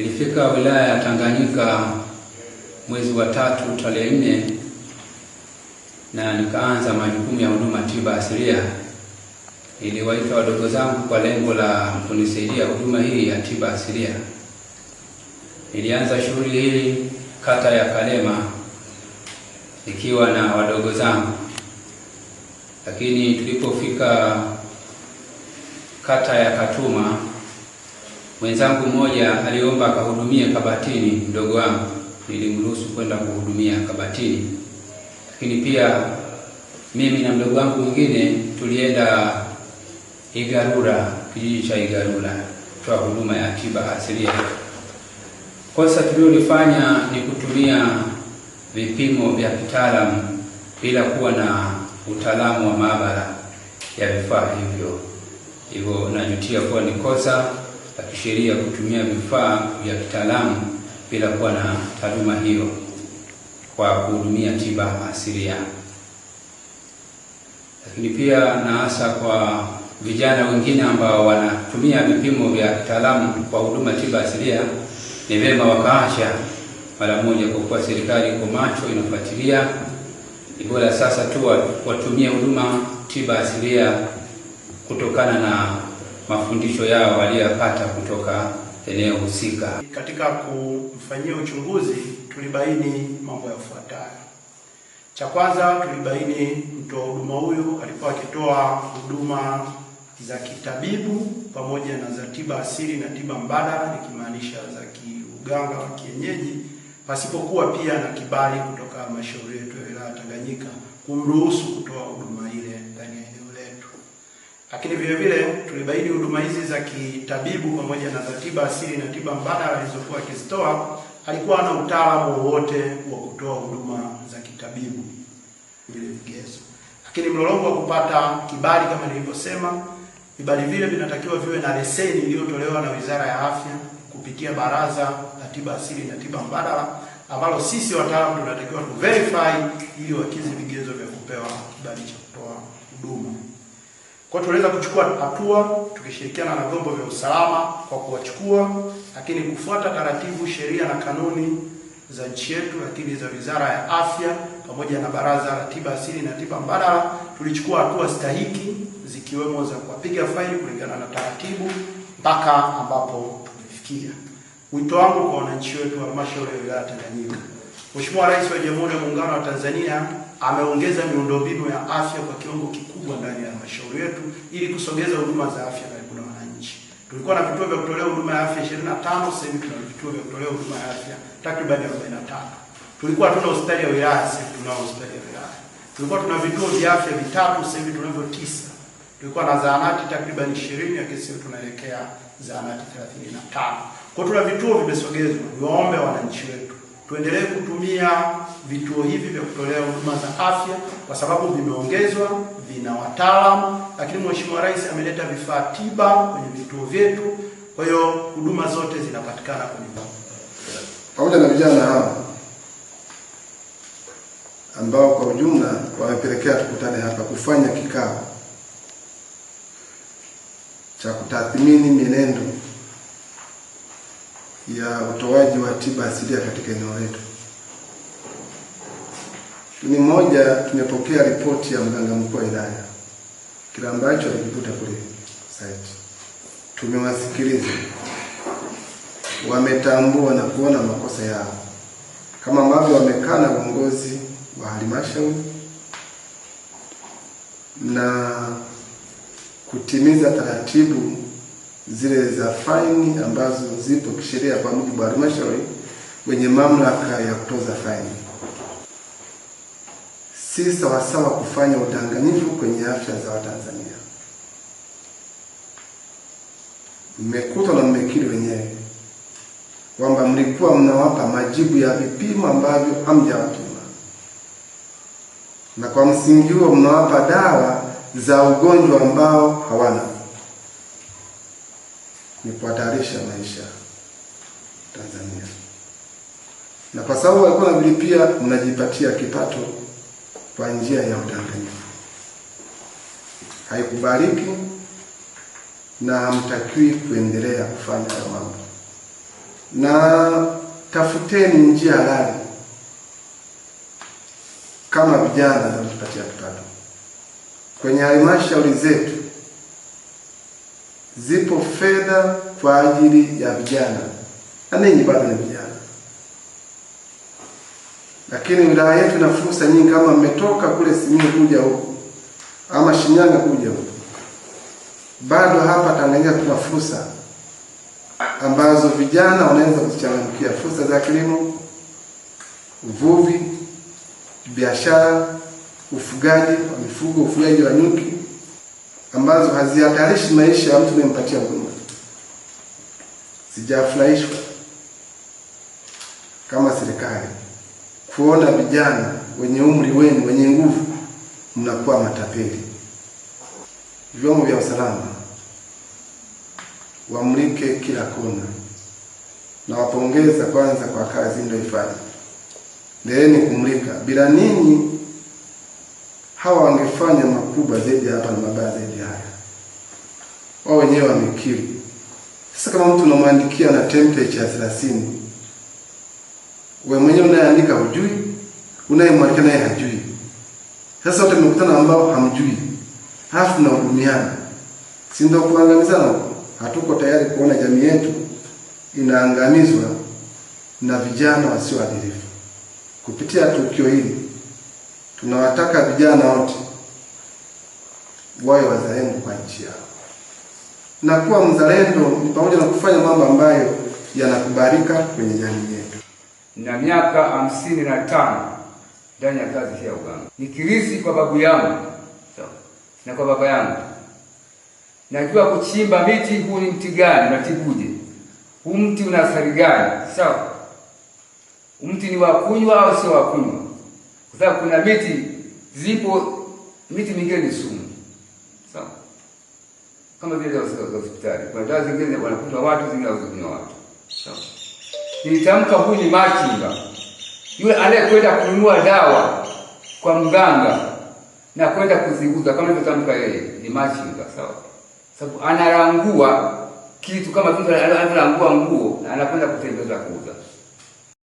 Nilifika wilaya ya Tanganyika mwezi wa tatu tarehe nne na nikaanza majukumu ya huduma tiba asilia. Niliwaita wadogo zangu kwa lengo la kunisaidia huduma hii ya tiba asilia. Nilianza shughuli hii kata ya Kalema ikiwa na wadogo zangu, lakini tulipofika kata ya Katuma Mwenzangu mmoja aliomba akahudumie Kabatini, mdogo wangu nilimruhusu kwenda kuhudumia Kabatini, lakini pia mimi na mdogo wangu mwingine tulienda Igarura, kijiji cha Igarura kutoa huduma ya tiba asilia. Kosa tuliolifanya ni kutumia vipimo vya kitaalamu bila kuwa na utaalamu wa maabara ya vifaa hivyo, hivyo najutia kuwa ni kosa za kisheria kutumia vifaa vya kitaalamu bila kuwa na taaluma hiyo kwa kuhudumia tiba asilia, lakini pia na hasa kwa vijana wengine ambao wanatumia vipimo vya kitaalamu kwa huduma tiba asilia, ni vyema wakaacha mara moja, kwa kuwa serikali iko macho, inafuatilia. Ni bora sasa tu watumie huduma tiba asilia kutokana na mafundisho yao waliyopata kutoka eneo husika. Katika kumfanyia uchunguzi, tulibaini mambo yafuatayo. Cha kwanza, tulibaini mtoa huduma huyu alikuwa akitoa huduma za kitabibu pamoja na za tiba asili na tiba mbadala, nikimaanisha za kiuganga wa kienyeji, pasipokuwa pia na kibali kutoka halmashauri yetu ya wilaya Tanganyika kumruhusu kutoa huduma ile. Lakini vile vile tulibaini huduma hizi za kitabibu pamoja na za tiba asili na tiba mbadala alizokuwa akizitoa alikuwa na utaalamu wowote wa kutoa huduma za kitabibu vile vigezo. Lakini mlolongo wa kupata kibali, kama nilivyosema, vibali vile vinatakiwa viwe na leseni iliyotolewa na Wizara ya Afya kupitia Baraza la Tiba Asili na Tiba Mbadala ambalo sisi wataalamu tunatakiwa verify ili wakizi vigezo vya kupewa kibali cha kutoa huduma. Kwa hiyo tunaweza kuchukua hatua tukishirikiana na vyombo vya usalama kwa kuwachukua, lakini kufuata taratibu, sheria na kanuni za nchi yetu, lakini za Wizara ya Afya pamoja na Baraza la Tiba Asili na Tiba Mbadala. Tulichukua hatua stahiki zikiwemo za kuwapiga faili kulingana na taratibu mpaka ambapo tumefikia. Wito wangu kwa wananchi wetu wa halmashauri ya wilaya Tanganyika Mheshimiwa Rais wa Jamhuri ya Muungano wa Tanzania ameongeza miundombinu ya afya kwa kiwango kikubwa ndani ya halmashauri yetu ili kusogeza huduma za afya karibu na wananchi. Tulikuwa na vituo vya kutolea huduma ya afya 25, sasa hivi tuna vituo vya kutolea huduma ya afya takriban 45. Tulikuwa hatuna hospitali ya wilaya, sasa hivi tunao hospitali ya wilaya. Tulikuwa tuna vituo vya afya vitatu, sasa hivi tunavyo tisa. Tulikuwa na zahanati takriban 20, ya kesi tunaelekea zahanati 35. Kwa tuna vituo vimesogezwa. Niwaombe wananchi wetu tuendelee kutumia vituo hivi vya kutolea huduma za afya kwa sababu vimeongezwa, vina wataalamu, lakini Mheshimiwa Rais ameleta vifaa tiba kwenye vituo vyetu. Kwa hiyo huduma zote zinapatikana kwenye pamoja na vijana hao ambao kwa ujumla wamepelekea tukutane hapa kufanya kikao cha kutathmini mienendo ya utoaji wa tiba asilia katika eneo letu. Ni moja, tumepokea ripoti ya mganga mkuu wa wilaya kile ambacho alikikuta kule site, tumewasikiliza, wametambua na kuona makosa yao, kama ambavyo wamekaa na uongozi wa halmashauri na kutimiza taratibu zile za faini ambazo zipo kisheria kwa mujibu wa halmashauri wenye mamlaka ya kutoza faini. Si sawasawa kufanya udanganyifu kwenye afya za Watanzania. Mmekutwa na mmekiri wenyewe kwamba mlikuwa mnawapa majibu ya vipimo ambavyo hamjawapima, na kwa msingi huo mnawapa dawa za ugonjwa ambao hawana ni kuhatarisha maisha Tanzania, na kwa sababu walikuwa mnavilipia, mnajipatia kipato kwa njia ya udanganyifu. Haikubaliki na hamtakiwi kuendelea kufanya hayo mambo, na tafuteni njia halali kama vijana na kipato kwenye halmashauri zetu zipo fedha kwa ajili ya vijana, na ninyi bado ni vijana, lakini wilaya yetu ina fursa nyingi. Kama mmetoka kule Simiyu kuja huku ama Shinyanga kuja huku, bado hapa Tanganyika tuna fursa ambazo vijana wanaweza kuchangamkia, fursa za kilimo, uvuvi, biashara, ufugaji wa mifugo, ufugaji wa nyuki ambazo hazihatarishi maisha ya mtu anayempatia huduma. Sijafurahishwa kama serikali kuona vijana wenye umri wenu wenye nguvu mnakuwa matapeli. Vyombo vya usalama wamlike kila kona. Nawapongeza kwanza kwa kazi mlioifanya. Endeleeni kumlika, bila ninyi hawa wangefanya makubwa zaidi hapa na mabaya zaidi haya. Wao wenyewe wamekiri. Sasa kama mtu unamwandikia na temperature ya 30, wewe mwenyewe unayeandika hujui, unayemwandikia naye hajui. Sasa wote mmekutana ambao hamjui, halafu tunahudumiana, si ndio kuangamizana Hatuko tayari kuona jamii yetu inaangamizwa na vijana wasioadilifu kupitia tukio hili. Tunawataka vijana wote wawe wazalendo kwa nchi yao, na kuwa mzalendo ni pamoja na kufanya mambo ambayo yanakubalika kwenye jamii yetu. Na miaka hamsini na tano ndani ya kazi hii ya uganga, nikirisi kwa babu yangu na kwa baba yangu, najua kuchimba miti. Huu ni mti gani? Unatibuje? huu mti una athari gani? Sawa, mti ni wakunywa au sio wakunywa za kuna miti zipo, miti mingine ni sumu, sawa kama vile za hospitali. Kuna dawa zingine wanakuta watu, zingine hawakunywa watu, sawa. Nilitamka huyu ni machinga, yule anayekwenda kununua dawa kwa mganga na kwenda kuziuza, kama nilivyotamka, yeye ni machinga, sawa, sababu analangua kitu kama vile analangua nguo, anakwenda kutembeza kuuza